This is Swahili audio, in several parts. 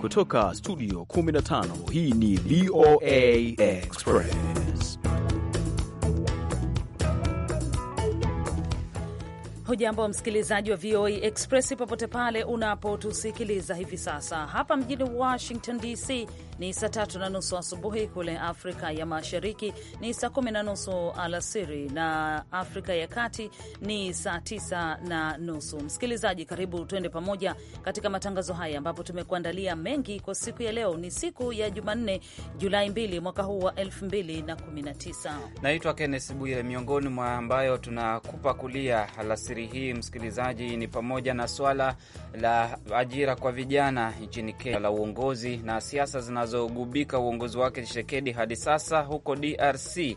Kutoka studio 15 hii ni VOA Express. Hujambo msikilizaji wa VOA Express popote pale unapotusikiliza hivi sasa, hapa mjini Washington DC ni saa tatu na nusu asubuhi kule Afrika ya Mashariki, ni saa kumi na nusu alasiri, na Afrika ya Kati ni saa tisa na nusu. Msikilizaji, karibu tuende pamoja katika matangazo haya ambapo tumekuandalia mengi kwa siku ya leo. Ni siku ya Jumanne, Julai 2 mwaka huu wa 2019. Naitwa Kennes Bwire. Miongoni mwa ambayo tunakupa kulia alasiri hii msikilizaji, ni pamoja na swala la ajira kwa vijana nchini Kenya, la uongozi na siasa zinazo zinazogubika uongozi wake Tshisekedi hadi sasa huko DRC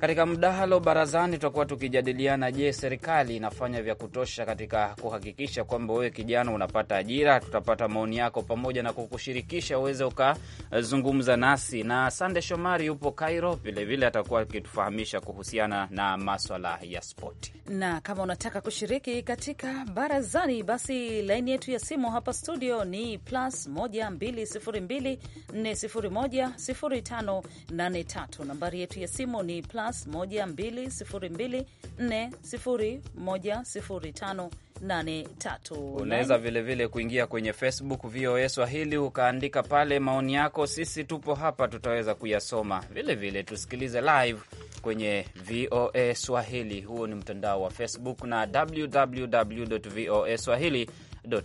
katika mdahalo barazani, tutakuwa tukijadiliana, je, serikali inafanya vya kutosha katika kuhakikisha kwamba wewe kijana unapata ajira? Tutapata maoni yako pamoja na kukushirikisha uweze ukazungumza nasi, na Sande Shomari yupo Cairo vilevile, atakuwa akitufahamisha kuhusiana na maswala ya spoti. Na kama unataka kushiriki katika barazani, basi laini yetu ya simu hapa studio ni plus 12024010583 nambari yetu ya simu ni plus plus 12024010583. Unaweza vilevile kuingia kwenye Facebook VOA Swahili ukaandika pale maoni yako, sisi tupo hapa, tutaweza kuyasoma vilevile. Vile tusikilize live kwenye VOA Swahili, huo ni mtandao wa Facebook na www voa swahili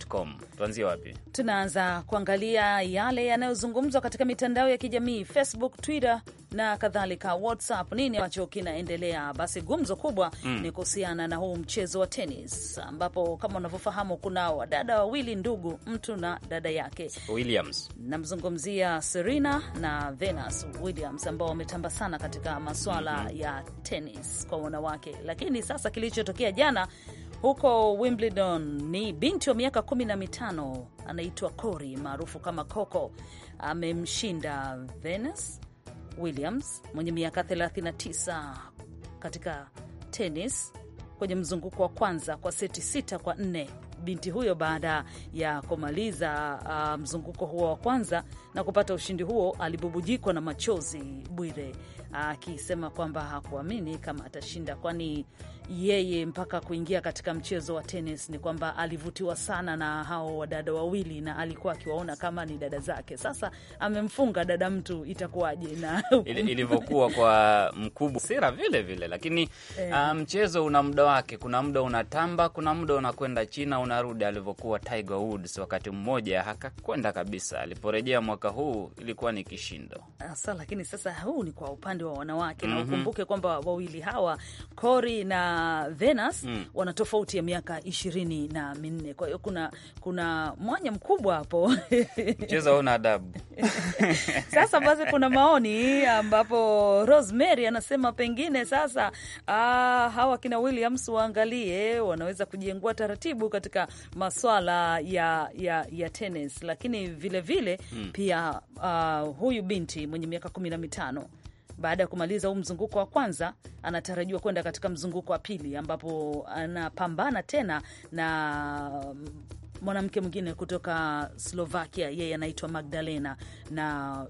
com. Tuanzie wapi? Tunaanza kuangalia yale yanayozungumzwa katika mitandao ya kijamii Facebook, Twitter na kadhalika, WhatsApp. Nini ambacho kinaendelea? Basi gumzo kubwa mm, ni kuhusiana na huu mchezo wa tenis, ambapo kama unavyofahamu kuna wadada wawili ndugu, mtu na dada yake Williams. Namzungumzia Serena na Venus Williams ambao wametamba sana katika maswala mm -hmm. ya tenis kwa wanawake, lakini sasa kilichotokea jana huko Wimbledon ni binti wa miaka kumi na mitano anaitwa Cori maarufu kama Coco amemshinda Venus Williams mwenye miaka 39 katika tenis kwenye mzunguko wa kwanza kwa seti sita kwa nne binti huyo baada ya kumaliza uh, mzunguko huo wa kwanza na kupata ushindi huo, alibubujikwa na machozi Bwire akisema uh, kwamba hakuamini kama atashinda, kwani yeye mpaka kuingia katika mchezo wa tenis ni kwamba alivutiwa sana na hao wadada wawili, na alikuwa akiwaona kama ni dada zake. Sasa amemfunga dada mtu, itakuwaje? na ilivyokuwa kwa mkubwa sira vile vile, lakini uh, mchezo una muda wake. Kuna muda unatamba, kuna muda unakwenda China unarudi, alivyokuwa Tiger Woods wakati mmoja hakakwenda kabisa. Aliporejea mwaka huu ilikuwa ni kishindo. Asa, lakini sasa huu ni kwa upande wa wanawake mm -hmm. na mhm. ukumbuke kwamba wawili hawa Kori na Venus mm. wana tofauti ya miaka ishirini na minne. Kwa hiyo kuna, kuna mwanya mkubwa hapo mchezo una adabu sasa basi, kuna maoni ambapo Rosemary anasema pengine sasa ah, hawa kina Williams waangalie, wanaweza kujiengua taratibu katika maswala ya, ya, ya tenis, lakini vilevile vile, mm. pia ah, huyu binti mwenye miaka kumi na mitano baada ya kumaliza huu mzunguko wa kwanza, anatarajiwa kwenda katika mzunguko wa pili, ambapo anapambana tena na mwanamke mwingine kutoka Slovakia, yeye anaitwa Magdalena na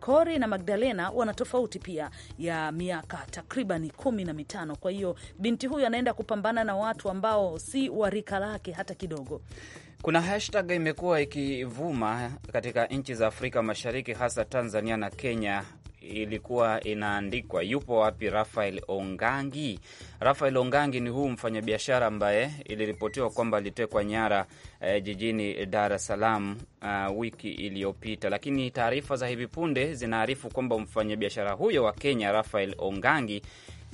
Kori na Magdalena wana tofauti pia ya miaka takriban kumi na mitano. Kwa hiyo binti huyu anaenda kupambana na watu ambao si wa rika lake hata kidogo. Kuna hashtag imekuwa ikivuma katika nchi za Afrika Mashariki, hasa Tanzania na Kenya, ilikuwa inaandikwa yupo wapi Rafael Ongangi. Rafael Ongangi ni huu mfanyabiashara ambaye iliripotiwa kwamba alitekwa nyara eh, jijini Dar es Salaam uh, wiki iliyopita, lakini taarifa za hivi punde zinaarifu kwamba mfanyabiashara huyo wa Kenya Rafael Ongangi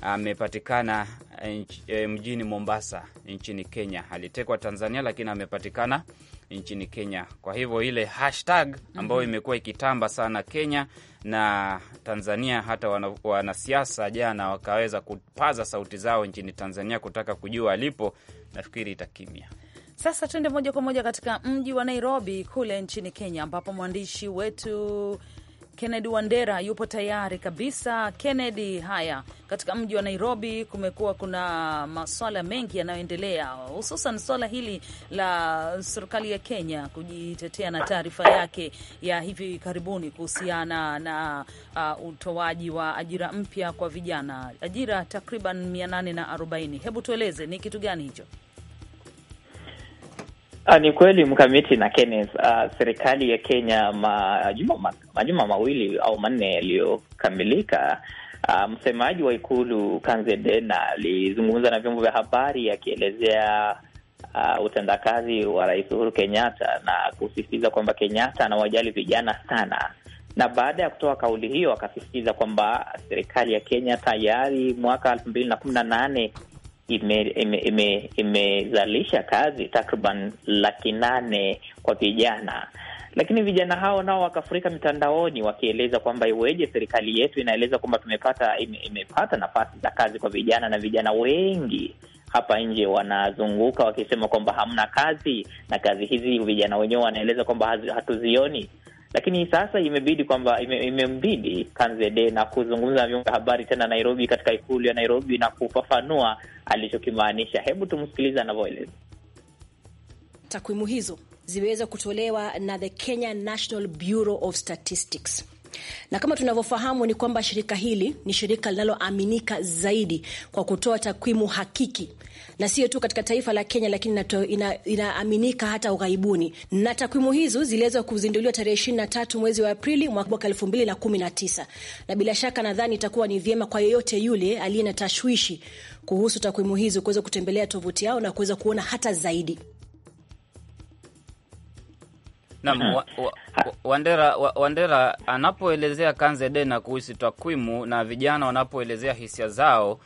amepatikana eh, eh, mjini Mombasa nchini Kenya. Alitekwa Tanzania, lakini amepatikana nchini Kenya. Kwa hivyo ile hashtag ambayo mhm. imekuwa ikitamba sana Kenya na Tanzania, hata wanasiasa jana wakaweza kupaza sauti zao nchini Tanzania kutaka kujua alipo, nafikiri itakimia. Sasa tuende moja kwa moja katika mji wa Nairobi kule nchini Kenya, ambapo mwandishi wetu Kennedy Wandera yupo tayari kabisa. Kennedy, haya, katika mji wa Nairobi kumekuwa kuna maswala mengi yanayoendelea, hususan swala hili la serikali ya Kenya kujitetea na taarifa yake ya hivi karibuni kuhusiana na uh, utoaji wa ajira mpya kwa vijana, ajira takriban 840. Hebu tueleze ni kitu gani hicho? Ah, ni kweli mkamiti na Kenneth. Uh, serikali ya Kenya majuma, majuma mawili au manne yaliyokamilika, uh, msemaji wa ikulu Kanze Dena alizungumza na vyombo vya habari akielezea uh, utendakazi wa Rais Uhuru Kenyatta na kusisitiza kwamba Kenyatta anawajali vijana sana, na baada ya kutoa kauli hiyo akasisitiza kwamba serikali ya Kenya tayari mwaka elfu mbili na kumi na nane imezalisha kazi takriban laki nane kwa vijana, lakini vijana hao nao wakafurika mitandaoni wakieleza kwamba iweje serikali yetu inaeleza kwamba tumepata ime, imepata nafasi za kazi kwa vijana, na vijana wengi hapa nje wanazunguka wakisema kwamba hamna kazi, na kazi hizi vijana wenyewe wanaeleza kwamba hatuzioni lakini sasa imebidi kwamba ime, imembidi Kanzede na kuzungumza na vyombo vya habari tena Nairobi, katika ikulu ya Nairobi na kufafanua alichokimaanisha. Hebu tumsikilize anavyoeleza. Takwimu hizo zimeweza kutolewa na the Kenya National Bureau of Statistics. Na kama tunavyofahamu ni kwamba shirika hili ni shirika linaloaminika zaidi kwa kutoa takwimu hakiki, na sio tu katika taifa la Kenya, lakini inaaminika ina hata ughaibuni, na takwimu hizo ziliweza kuzinduliwa tarehe ishirini na tatu mwezi wa Aprili mwaka elfu mbili na kumi na tisa na bila shaka nadhani itakuwa ni vyema kwa yeyote yule aliye na tashwishi kuhusu takwimu hizo kuweza kutembelea tovuti yao na kuweza kuona hata zaidi. Na, mhm. wa, wa, Wandera, wa, Wandera anapoelezea Kanze Dena kuhusu takwimu na vijana wanapoelezea hisia zao,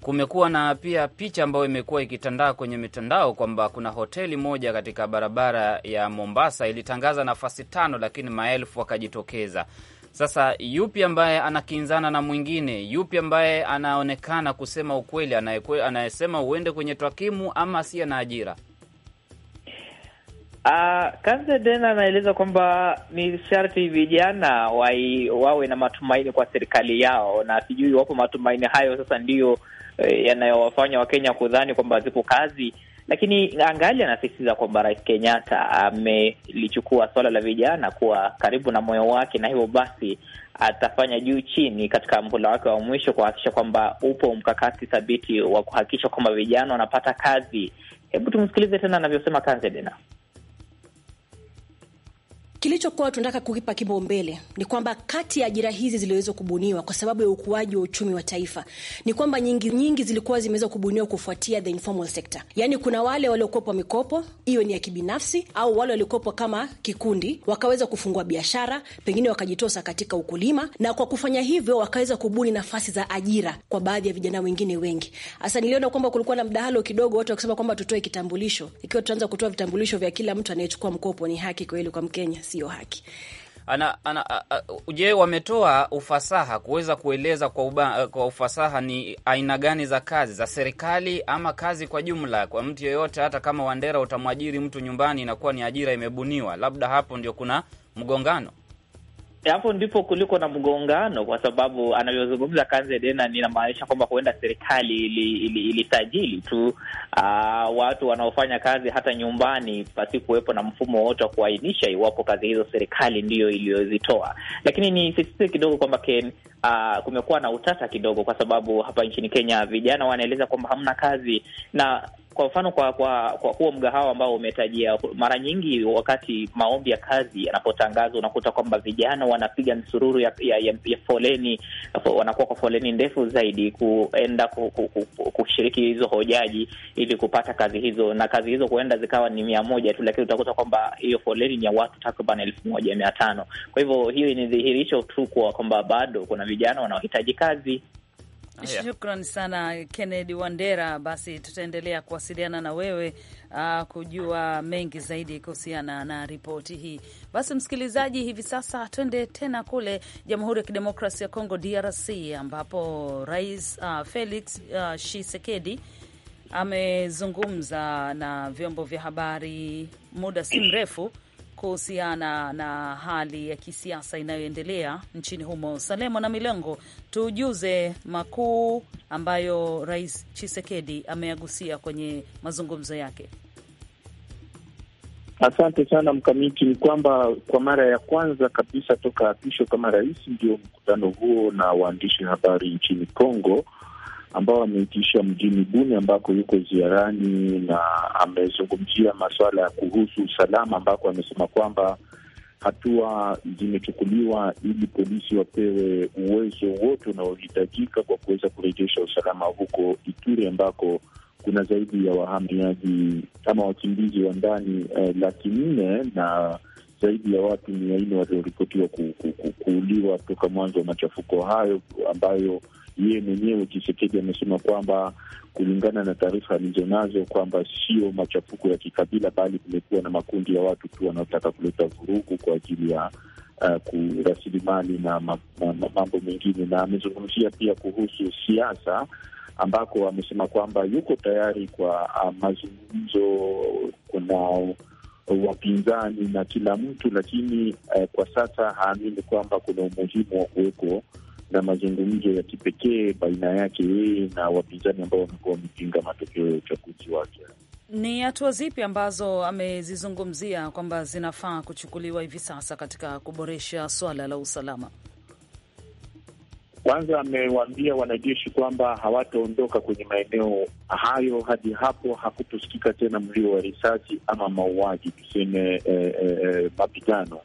kumekuwa na pia picha ambayo imekuwa ikitandaa kwenye mitandao kwamba kuna hoteli moja katika barabara ya Mombasa ilitangaza nafasi tano, lakini maelfu wakajitokeza. Sasa yupi ambaye anakinzana na mwingine? Yupi ambaye anaonekana kusema ukweli, anayesema uende kwenye takwimu ama asiye na ajira? Uh, ah, Kanze Dena anaeleza kwamba ni sharti vijana wawe na matumaini kwa serikali yao, na sijui iwapo matumaini hayo sasa ndiyo eh, yanayowafanya Wakenya kudhani kwamba zipo kazi, lakini angali anasisitiza kwamba Rais Kenyatta amelichukua swala la vijana kuwa karibu na moyo wake, na hivyo basi atafanya juu chini katika mhula wake wa mwisho kuhakikisha kwamba upo mkakati thabiti wa kuhakikisha kwamba vijana wanapata kazi. Hebu tumsikilize tena anavyosema Kanze Dena. Kilichokuwa tunataka kukipa kipaumbele ni kwamba kati ya ajira hizi ziliweza kubuniwa kwa sababu ya ukuaji wa uchumi wa taifa, ni kwamba nyingi nyingi zilikuwa zimeweza kubuniwa kufuatia the informal sector, yaani kuna wale waliokopa mikopo, hiyo ni ya kibinafsi au wale waliokopa kama kikundi, wakaweza kufungua biashara, pengine wakajitosa katika ukulima, na kwa kufanya hivyo wakaweza kubuni nafasi za ajira kwa baadhi ya vijana wengine wengi. Hasa niliona kwamba kulikuwa na mdahalo kidogo, watu wakisema kwamba tutoe kitambulisho. Ikiwa tutaanza kutoa vitambulisho vya kila mtu anayechukua mkopo, ni haki kweli kwa Mkenya sio haki. Ana, ana, uh, je, wametoa ufasaha kuweza kueleza kwa, uba, uh, kwa ufasaha ni aina gani za kazi za serikali ama kazi kwa jumla kwa mtu yeyote? Hata kama Wandera utamwajiri mtu nyumbani, inakuwa ni ajira imebuniwa. Labda hapo ndio kuna mgongano. Eh, hapo ndipo kuliko na mgongano, kwa sababu anavyozungumza Kanze Dena ninamaanisha kwamba huenda serikali ilisajili ili, ili tu uh, watu wanaofanya kazi hata nyumbani pasi kuwepo na mfumo wowote wa kuainisha iwapo kazi hizo serikali ndiyo iliyozitoa. Lakini nisisitize kidogo kwamba Ken, uh, kumekuwa na utata kidogo, kwa sababu hapa nchini Kenya vijana wanaeleza kwamba hamna kazi na kwa mfano kwa kwa kwa huo mgahawa ambao umetajia, mara nyingi wakati maombi ya kazi yanapotangazwa unakuta kwamba vijana wanapiga msururu ya, ya, ya, ya foleni, wanakuwa kwa foleni ndefu zaidi kuenda kushiriki hizo hojaji ili kupata kazi hizo, na kazi hizo huenda zikawa ni mia moja tu, lakini utakuta kwamba hiyo foleni ni ya watu takriban elfu moja mia tano. Kwa hivyo hiyo ni dhihirisho tu kwa kwamba bado kuna vijana wanaohitaji kazi. Shukran sana Kennedy Wandera. Basi tutaendelea kuwasiliana na wewe uh, kujua mengi zaidi kuhusiana na ripoti hii. Basi msikilizaji, hivi sasa twende tena kule Jamhuri ya Kidemokrasi ya Kongo, DRC, ambapo Rais uh, Felix uh, amezungumza na vyombo vya habari muda si mrefu kuhusiana na hali ya kisiasa inayoendelea nchini humo. Salemo na Milengo, tujuze makuu ambayo Rais Chisekedi ameyagusia kwenye mazungumzo yake. Asante sana Mkamiti. Ni kwamba kwa mara ya kwanza kabisa toka apisho kama rais, ndio mkutano huo na waandishi habari nchini Kongo ambao ameitisha mjini Buni ambako yuko ziarani, na amezungumzia masuala ya kuhusu usalama, ambako amesema kwamba hatua zimechukuliwa ili polisi wapewe uwezo wote unaohitajika kwa kuweza kurejesha usalama huko Ituri ambako kuna zaidi ya wahamiaji ama wakimbizi wa ndani eh, laki nne na zaidi ya watu mia nne walioripotiwa kuuliwa toka mwanzo wa machafuko hayo ambayo yeye mwenyewe chisekedi amesema kwamba kulingana na taarifa alizonazo kwamba sio machafuko ya kikabila, bali kumekuwa na makundi ya watu tu wanaotaka kuleta vurugu kwa ajili ya uh, kurasilimali na ma, ma, ma, mambo mengine. Na amezungumzia pia kuhusu siasa ambako amesema kwamba yuko tayari kwa uh, mazungumzo. Kuna wapinzani na kila mtu, lakini uh, kwa sasa haamini kwamba kuna umuhimu wa kuweko na mazungumzo ya kipekee baina yake yeye na wapinzani ambao wamekuwa wamepinga matokeo ya uchaguzi wake. Ni hatua zipi ambazo amezizungumzia kwamba zinafaa kuchukuliwa hivi sasa katika kuboresha swala la usalama? Kwanza amewaambia wanajeshi kwamba hawataondoka kwenye maeneo hayo hadi hapo hakutosikika tena mlio wa risasi ama mauaji, tuseme eh, eh, eh mapigano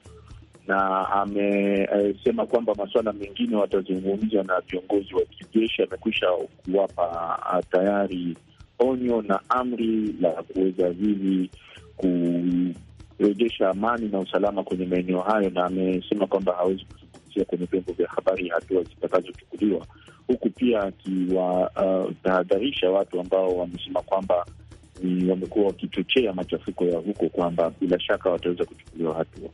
na amesema kwamba masuala mengine watazungumza na viongozi wa kijeshi. Amekwisha kuwapa ah, tayari onyo na amri la kuweza hivi kurejesha amani na usalama kwenye maeneo hayo, na amesema kwamba hawezi kuzungumzia kwenye vyombo vya habari hatua zitakazochukuliwa, huku pia akiwatahadharisha uh, watu ambao wamesema kwamba ni wamekuwa wakichochea machafuko ya huko kwamba bila shaka wataweza kuchukuliwa hatua.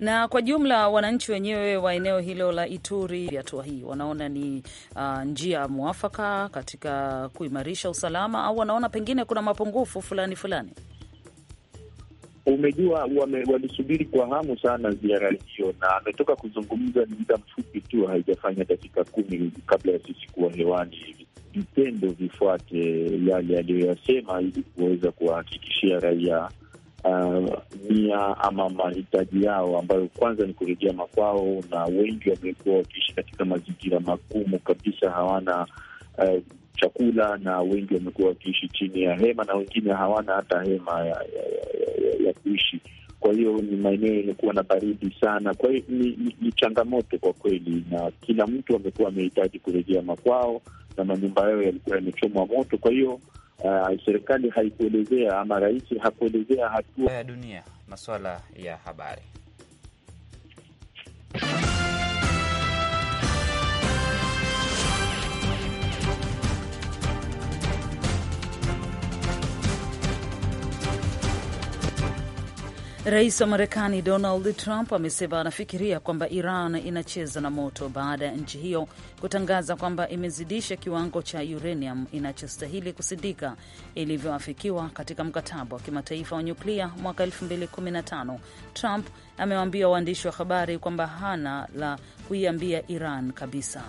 Na kwa jumla wananchi wenyewe wa eneo hilo la Ituri, hatua hii wanaona ni uh, njia mwafaka katika kuimarisha usalama, au wanaona pengine kuna mapungufu fulani fulani? Umejua, walisubiri kwa hamu sana ziara hiyo, na ametoka kuzungumza ni muda mfupi tu, haijafanya dakika kumi kabla ya sisi kuwa hewani. Vitendo vifuate yale aliyoyasema, ili kuweza kuwahakikishia raia uh, ama mahitaji yao ambayo kwanza ni kurejea makwao, na wengi wamekuwa wakiishi katika mazingira magumu kabisa, hawana uh, chakula na wengi wamekuwa wakiishi chini ya hema na wengine hawana hata hema ya, ya, ya, ya, ya kuishi. Kwa hiyo ni maeneo yamekuwa na baridi sana, kwa hiyo ni, ni, ni changamoto kwa kweli, na kila mtu amekuwa amehitaji kurejea makwao na manyumba yao yalikuwa yamechomwa moto, kwa hiyo uh, serikali haikuelezea ama rais hakuelezea hatua ya dunia masuala ya habari. Rais wa Marekani Donald Trump amesema anafikiria kwamba Iran inacheza na moto baada ya nchi hiyo kutangaza kwamba imezidisha kiwango cha uranium inachostahili kusindika ilivyoafikiwa katika mkataba wa kimataifa wa nyuklia mwaka 2015. Trump amewaambia waandishi wa habari kwamba hana la kuiambia Iran kabisa.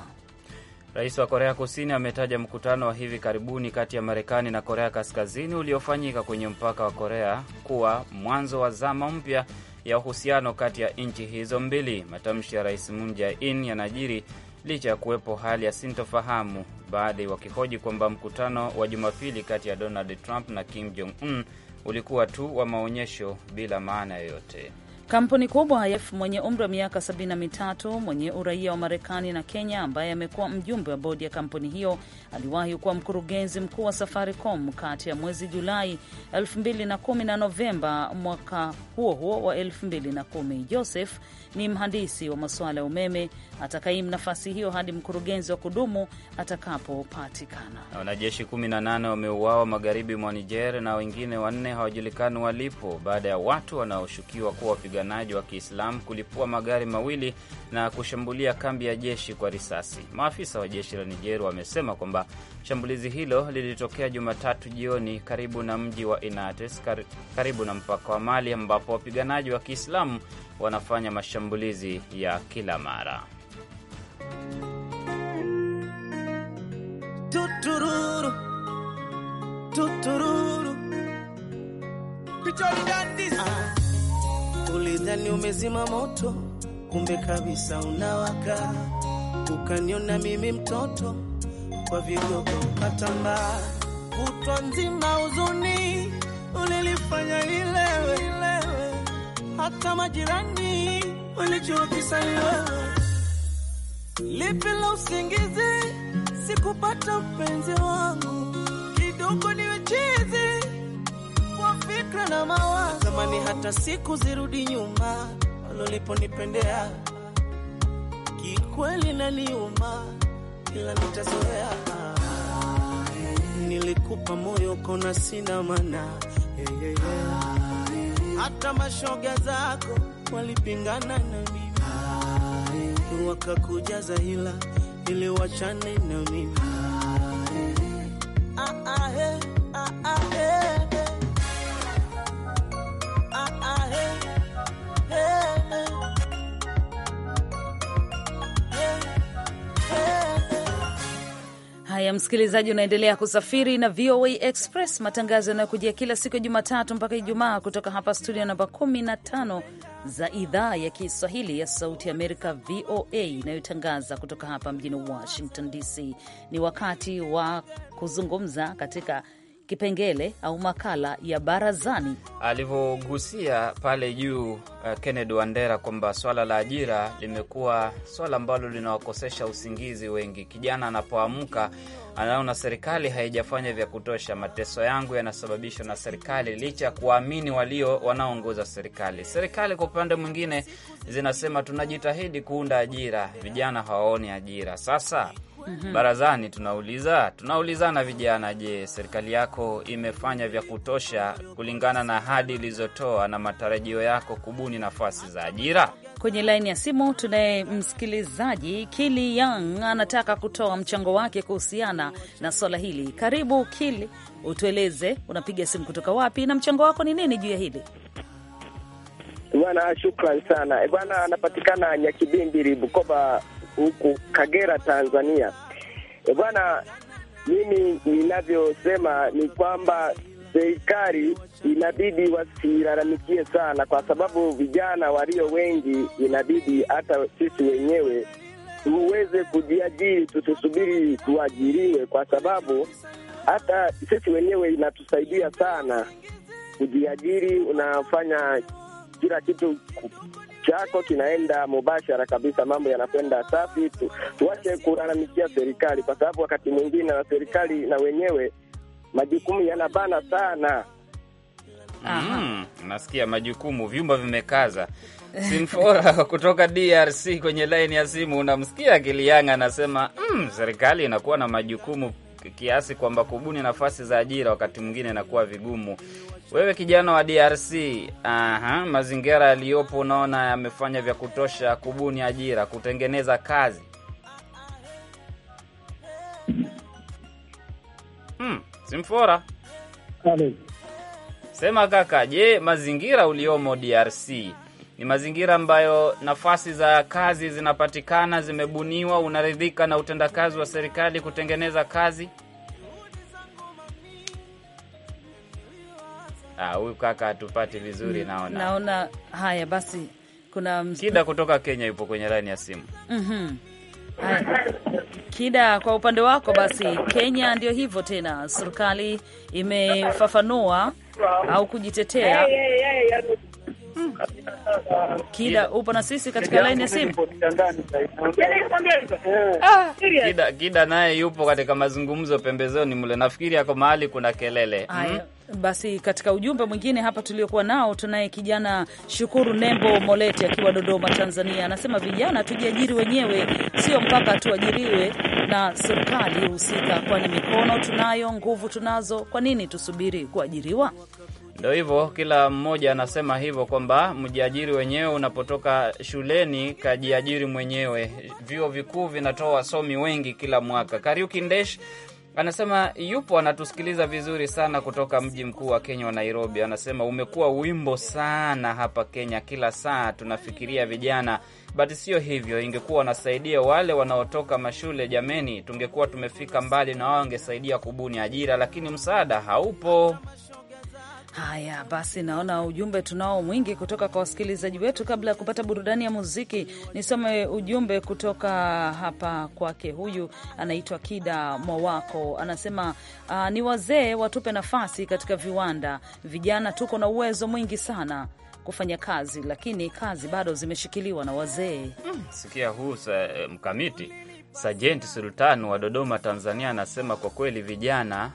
Rais wa Korea Kusini ametaja mkutano wa hivi karibuni kati ya Marekani na Korea Kaskazini uliofanyika kwenye mpaka wa Korea kuwa mwanzo wa zama mpya ya uhusiano kati ya nchi hizo mbili. Matamshi ya Rais Moon Jae-in yanajiri licha ya kuwepo hali ya sintofahamu, baadhi wakihoji kwamba mkutano wa Jumapili kati ya Donald Trump na Kim Jong Un ulikuwa tu wa maonyesho bila maana yoyote. Kampuni kubwa ya mwenye umri wa miaka 73 mwenye uraia wa Marekani na Kenya ambaye amekuwa mjumbe wa bodi ya kampuni hiyo aliwahi kuwa mkurugenzi mkuu wa Safaricom kati ya mwezi Julai 2010 na Novemba mwaka huo huo wa 2010. Joseph ni mhandisi wa masuala ya umeme atakaimu nafasi hiyo hadi mkurugenzi wa kudumu atakapopatikana. Wanajeshi 18 wameuawa magharibi mwa Niger na wengine wanne hawajulikani walipo baada ya watu wanaoshukiwa kuwa wapiganaji wa Kiislamu kulipua magari mawili na kushambulia kambi ya jeshi kwa risasi. Maafisa wa jeshi la Niger wamesema kwamba shambulizi hilo lilitokea Jumatatu jioni karibu na mji wa Inates, karibu na mpaka wa Mali, ambapo wapiganaji wa Kiislamu wanafanya mashambulizi ya kila mara. Tutururu, tutururu. Ulidhani umezima moto, kumbe kabisa unawaka. Ukaniona mimi mtoto, kwa vigogo ukatambaa. Kutwa nzima huzuni ulilifanya ilewe, Hata majirani walijua kisa wewe. Lipi la usingizi, sikupata upenzi wangu kidogo niwechi na mawazo, zamani, hata siku zirudi nyuma, waloliponipendea kikweli na niuma, ila nitazoea. Nilikupa moyo kona sina mana hey, hey, hey. Hata mashoga zako walipingana na mimi wakakujaza hila ili wachane na mimi Haya, msikilizaji, unaendelea kusafiri na VOA Express, matangazo yanayokujia kila siku ya Jumatatu mpaka Ijumaa kutoka hapa studio namba 15 za idhaa ya Kiswahili ya Sauti Amerika, VOA, inayotangaza kutoka hapa mjini Washington DC. Ni wakati wa kuzungumza katika kipengele au makala ya barazani alivyogusia pale juu uh, Kennedy Wandera kwamba swala la ajira limekuwa swala ambalo linawakosesha usingizi wengi. Kijana anapoamka anaona serikali haijafanya vya kutosha, mateso yangu yanasababishwa na serikali, licha ya kuwaamini walio wanaoongoza serikali. Serikali kwa upande mwingine zinasema tunajitahidi kuunda ajira, vijana hawaoni ajira. Sasa -hmm. Barazani tunauliza tunaulizana, vijana, je, serikali yako imefanya vya kutosha kulingana na ahadi ilizotoa na matarajio yako kubuni nafasi za ajira? Kwenye laini ya simu tunaye msikilizaji Kili Yang anataka kutoa mchango wake kuhusiana na swala hili. Karibu Kili, utueleze unapiga simu kutoka wapi na mchango wako ni nini juu ya hili? Bwana, shukran sana eh, bwana. Anapatikana Nyakibindiri, Bukoba huku Kagera, Tanzania. E bwana, mimi ninavyosema ni kwamba serikali inabidi wasilalamikie sana, kwa sababu vijana walio wengi, inabidi hata sisi wenyewe tuweze kujiajiri, tusisubiri tuajiriwe, kwa sababu hata sisi wenyewe inatusaidia sana kujiajiri, unafanya kila kitu chako kinaenda mubashara kabisa, mambo yanakwenda safi tu. Tuache kulalamikia serikali, kwa sababu wakati mwingine na serikali na wenyewe majukumu yanabana sana. Mm, nasikia majukumu, vyumba vimekaza. Simfora kutoka DRC kwenye laini ya simu, unamsikia Kilianga anasema mm, serikali inakuwa na majukumu kiasi kwamba kubuni nafasi za ajira wakati mwingine inakuwa vigumu. Wewe kijana wa DRC, aha, mazingira yaliyopo unaona yamefanya vya kutosha kubuni ajira, kutengeneza kazi? Hmm, Simfora Kale. Sema kaka, je, mazingira uliomo DRC ni mazingira ambayo nafasi za kazi zinapatikana, zimebuniwa? Unaridhika na utendakazi wa serikali kutengeneza kazi? Ah, huyu kaka hatupati vizuri mm, naona. Naona haya basi, kuna Kida kutoka Kenya yupo kwenye laini ya simu mm -hmm. Kida, kwa upande wako basi, Kenya ndio hivyo tena, serikali imefafanua au kujitetea. Yaani- hmm. Kida, upo na sisi katika laini ya simu. Yaani eh. ah. Kida, naye yupo katika mazungumzo pembezoni mle, nafikiri ako mahali kuna kelele. Hmm? Haya. Basi katika ujumbe mwingine hapa tuliokuwa nao tunaye kijana Shukuru Nembo moleti akiwa Dodoma, Tanzania, anasema vijana tujiajiri wenyewe, sio mpaka tuajiriwe na serikali husika, kwani mikono tunayo, nguvu tunazo, kwa nini tusubiri kuajiriwa? Ndo hivyo, kila mmoja anasema hivyo kwamba mjiajiri wenyewe. Unapotoka shuleni, kajiajiri mwenyewe. Vyuo vikuu vinatoa wasomi wengi kila mwaka. Kariuki Ndesh anasema yupo anatusikiliza vizuri sana kutoka mji mkuu wa Kenya wa Nairobi. Anasema umekuwa wimbo sana hapa Kenya, kila saa tunafikiria vijana, but sio hivyo. Ingekuwa wanasaidia wale wanaotoka mashule, jameni, tungekuwa tumefika mbali na wao, wangesaidia kubuni ajira, lakini msaada haupo. Haya basi, naona ujumbe tunao mwingi kutoka kwa wasikilizaji wetu. Kabla ya kupata burudani ya muziki, nisome ujumbe kutoka hapa kwake. Huyu anaitwa Kida Mwawako, anasema uh, ni wazee watupe nafasi katika viwanda. Vijana tuko na uwezo mwingi sana kufanya kazi, lakini kazi bado zimeshikiliwa na wazee. Mm, sikia huu eh, mkamiti Sajenti Sultan wa Dodoma, Tanzania, anasema kwa kweli vijana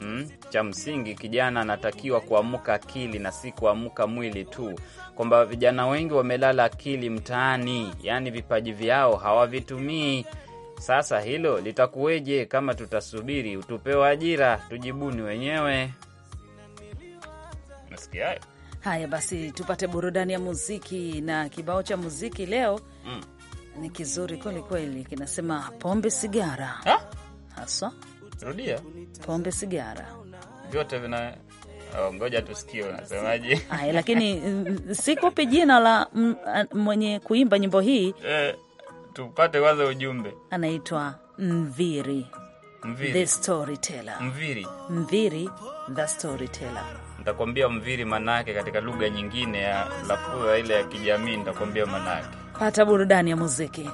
mm, cha msingi kijana anatakiwa kuamka akili na si kuamka mwili tu, kwamba vijana wengi wamelala akili mtaani, yaani vipaji vyao hawavitumii. Sasa hilo litakuweje kama tutasubiri tupewe ajira? Tujibuni wenyewe. Nasikia haya, basi tupate burudani ya muziki na kibao cha muziki leo mm, ni kizuri kweli kweli, kinasema pombe sigara ha? haswa Rudia. Pombe, sigara, vyote vina oh, ngoja tusikie unasemaje. Haya, lakini mm, sikupi jina la mm, mwenye kuimba nyimbo hii eh, tupate kwanza ujumbe. Anaitwa Mviri. Mviri the storyteller. Mviri, Mviri the storyteller. Nitakwambia Mviri manake katika lugha nyingine ya lafua ile ya kijamii, nitakwambia manake. Pata burudani ya muziki,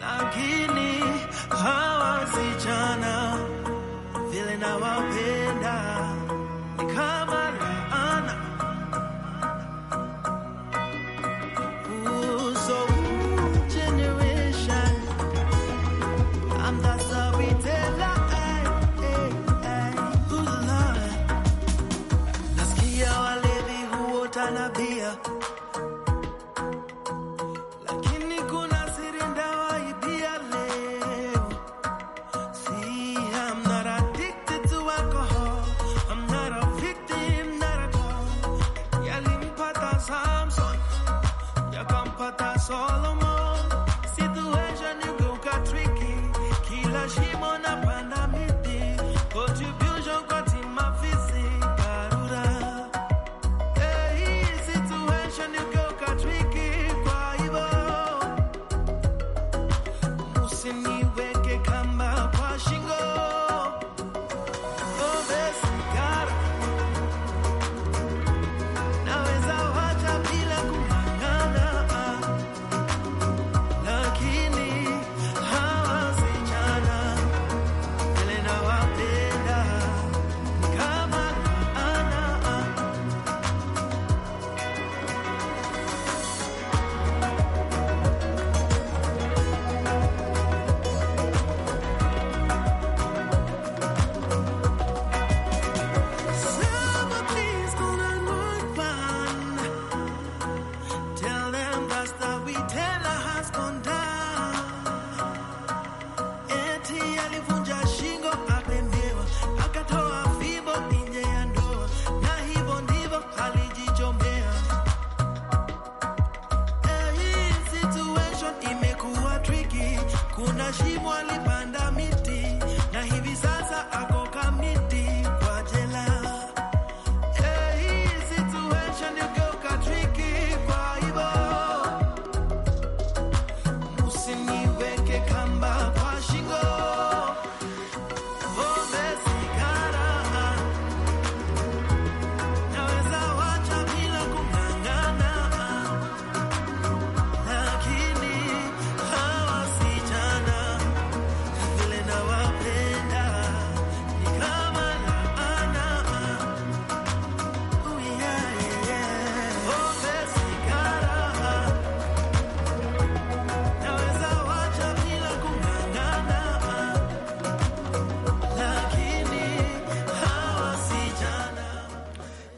lakini hawa sijana nawapenda ni kama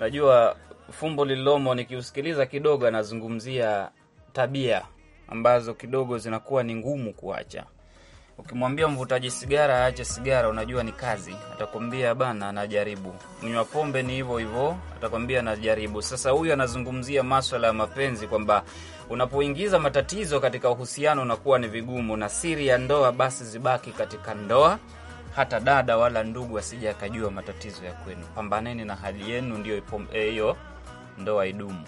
Najua fumbo lililomo, nikiusikiliza kidogo, anazungumzia tabia ambazo kidogo zinakuwa ni ngumu kuacha. Ukimwambia mvutaji sigara aache sigara, unajua ni kazi, atakwambia bana, anajaribu. Mnywa pombe ni hivyo hivyo, atakwambia anajaribu. Sasa huyu anazungumzia maswala ya mapenzi, kwamba unapoingiza matatizo katika uhusiano unakuwa ni vigumu, na siri ya ndoa basi zibaki katika ndoa hata dada wala ndugu asije akajua matatizo ya kwenu. Pambaneni na hali yenu, ndiyo eh, hiyo ndoa idumu.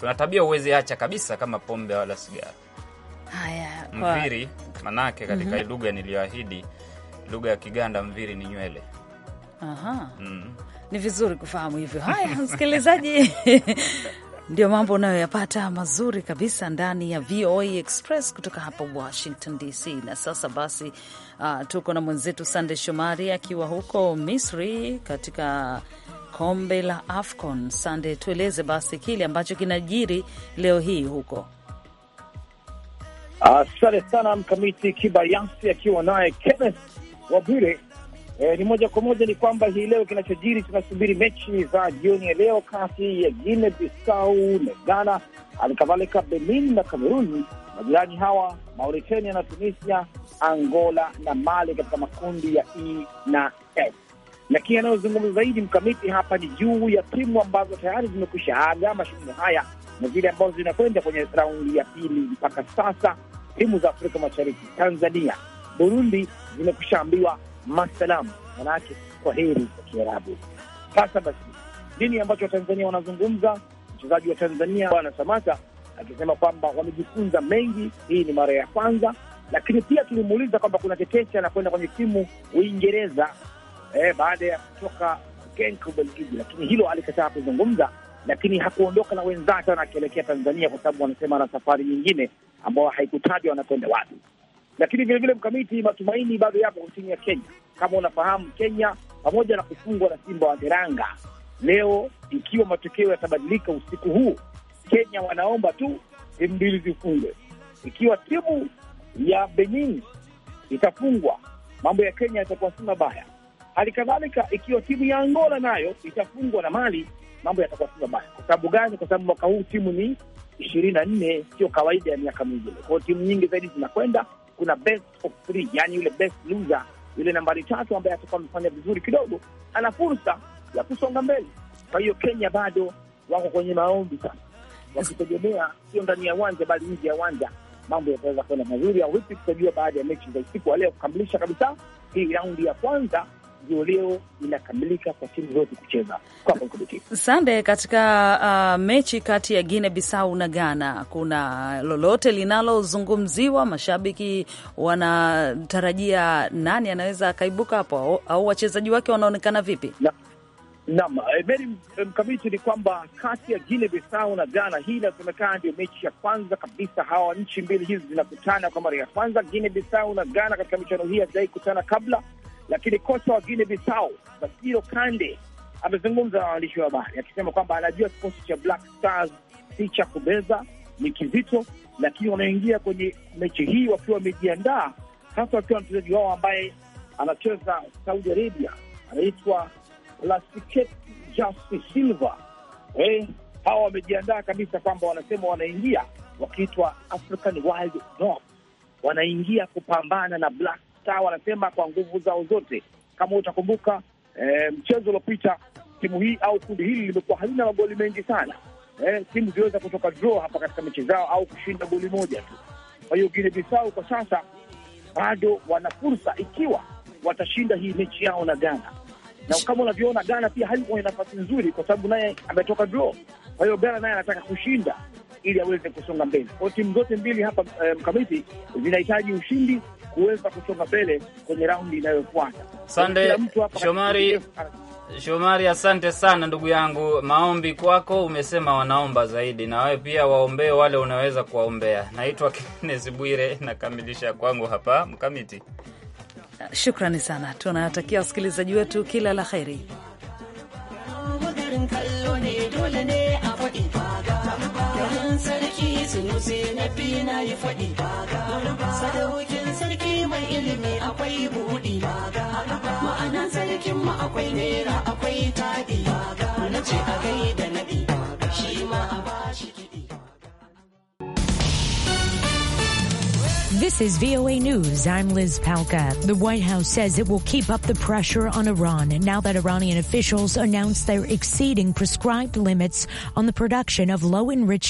Kuna tabia huwezi acha kabisa, kama pombe wala sigara. Haya, mviri manake katika mm -hmm. lugha niliyoahidi, lugha ya Kiganda mviri ni nywele. Aha. Mm. Ni vizuri kufahamu hivyo. Haya msikilizaji ndio mambo unayoyapata mazuri kabisa ndani ya VOA Express kutoka hapa Washington DC. Na sasa basi, uh, tuko na mwenzetu Sande Shomari akiwa huko Misri katika kombe la AFCON. Sande, tueleze basi kile ambacho kinajiri leo hii huko. Asante sana Mkamiti Kibayasi akiwa naye Kenneth Wabwire E, ni moja kwa moja ni kwamba hii leo kinachojiri, tunasubiri mechi za jioni ya leo kati ya Guinea Bissau na Ghana, halikadhalika Benin na Kamerun, majirani hawa Mauritania na Tunisia, Angola na Mali katika makundi ya E na F. Lakini yanayozungumza zaidi mkamiti hapa ni juu ya timu ambazo tayari zimekwisha aga mashindano haya na zile ambazo zinakwenda kwenye raundi ya pili. Mpaka sasa timu za Afrika Mashariki, Tanzania, Burundi zimekushaambiwa masalam, manake kwa heri kwa Kiarabu. Sasa basi, nini ambacho Watanzania wanazungumza? Mchezaji wa Tanzania Bwana Samata akisema kwamba wamejifunza mengi, hii ni mara ya kwanza, lakini pia tulimuuliza kwamba kuna tetesha na kwenda kwenye timu Uingereza eh, baada ya kutoka Genk Ubelgiji, lakini hilo alikataa kuzungumza, lakini hakuondoka na wenzake, wanakielekea akielekea Tanzania kwa sababu wanasema ana safari nyingine ambayo haikutajwa wanakwenda wapi. Lakini vilevile mkamiti, matumaini bado yapo kwa timu ya Kenya. Kama unafahamu, Kenya pamoja na kufungwa na Simba wa Teranga leo, ikiwa matokeo yatabadilika usiku huu, Kenya wanaomba tu timu mbili zifungwe. Ikiwa timu ya Benin itafungwa, mambo ya Kenya yatakuwa si mabaya. Hali kadhalika, ikiwa timu ya Angola nayo itafungwa na Mali, mambo yatakuwa si mabaya. Kwa sababu gani? Kwa sababu mwaka huu timu ni ishirini na nne, sio kawaida ya miaka mingine. Kwa hiyo timu nyingi zaidi zinakwenda kuna best of three, yani yule best loser, yule nambari tatu ambaye atakuwa amefanya vizuri kidogo, ana fursa ya kusonga mbele. Kwa hiyo Kenya bado wako kwenye maombi sasa, wakitegemea sio ndani ya uwanja bali nje ya uwanja mambo yataweza kwenda mazuri au vipi, tutajua baada ya mechi za usiku wa leo kukamilisha kabisa hii raundi ya kwanza leo inakamilika kwa timu zote kucheza. Sande, katika uh, mechi kati ya Guinea Bissau na Ghana, kuna lolote linalozungumziwa? Mashabiki wanatarajia nani anaweza akaibuka hapo, au wachezaji wake wanaonekana vipi? na Naam, eh, Meri eh, Mkamiti, ni kwamba kati ya Guinea Bissau na Ghana, hii inasemekana ndio mechi ya kwanza kabisa. Hawa nchi mbili hizi zinakutana kwa mara ya kwanza. Guinea Bissau na Ghana katika michuano hii hazijawahi kutana kabla, lakini kocha wa Guinea Bissau Basilo Kande amezungumza na waandishi wa habari akisema kwamba anajua kikosi cha Black Stars si cha kubeza, ni kizito, lakini wanaingia kwenye mechi hii wakiwa wamejiandaa, hasa wakiwa mchezaji wao ambaye anacheza Saudi Arabia, anaitwa Plastiket Jasi Silva. Eh, hawa wamejiandaa kabisa kwamba wanasema wanaingia wakiitwa African Wild Dogs, wanaingia kupambana na Black Star wanasema kwa nguvu zao zote. Kama utakumbuka e, mchezo uliopita timu hii au kundi hili limekuwa halina magoli mengi sana e, timu ziliweza kutoka draw hapa katika mechi zao au kushinda goli moja tu. Kwa hiyo Guinea Bissau kwa sasa bado wana fursa ikiwa watashinda hii mechi yao na Ghana, na kama unavyoona Ghana pia hali kwenye nafasi nzuri, kwa sababu naye ametoka draw. Kwa hiyo Ghana naye anataka kushinda ili aweze kusonga mbele. Kwa timu zote mbili hapa eh, mkamiti, um, zinahitaji ushindi kuweza kusonga mbele kwenye raundi inayofuata. Sande Shomari. Shomari, asante sana ndugu yangu. Maombi kwako, umesema wanaomba zaidi, na wewe pia waombee wale unaweza kuwaombea. Naitwa Kenesi Bwire, nakamilisha kwangu hapa Mkamiti. Shukrani sana, tunawatakia wasikilizaji wetu kila la heri. ilimi akwai buɗi sarkin mu akwai akwai na ce a shi ma a bashi This is VOA News. I'm Liz Palka. The White House says it will keep up the pressure on Iran now that Iranian officials announced they're exceeding prescribed limits on the production of low enriched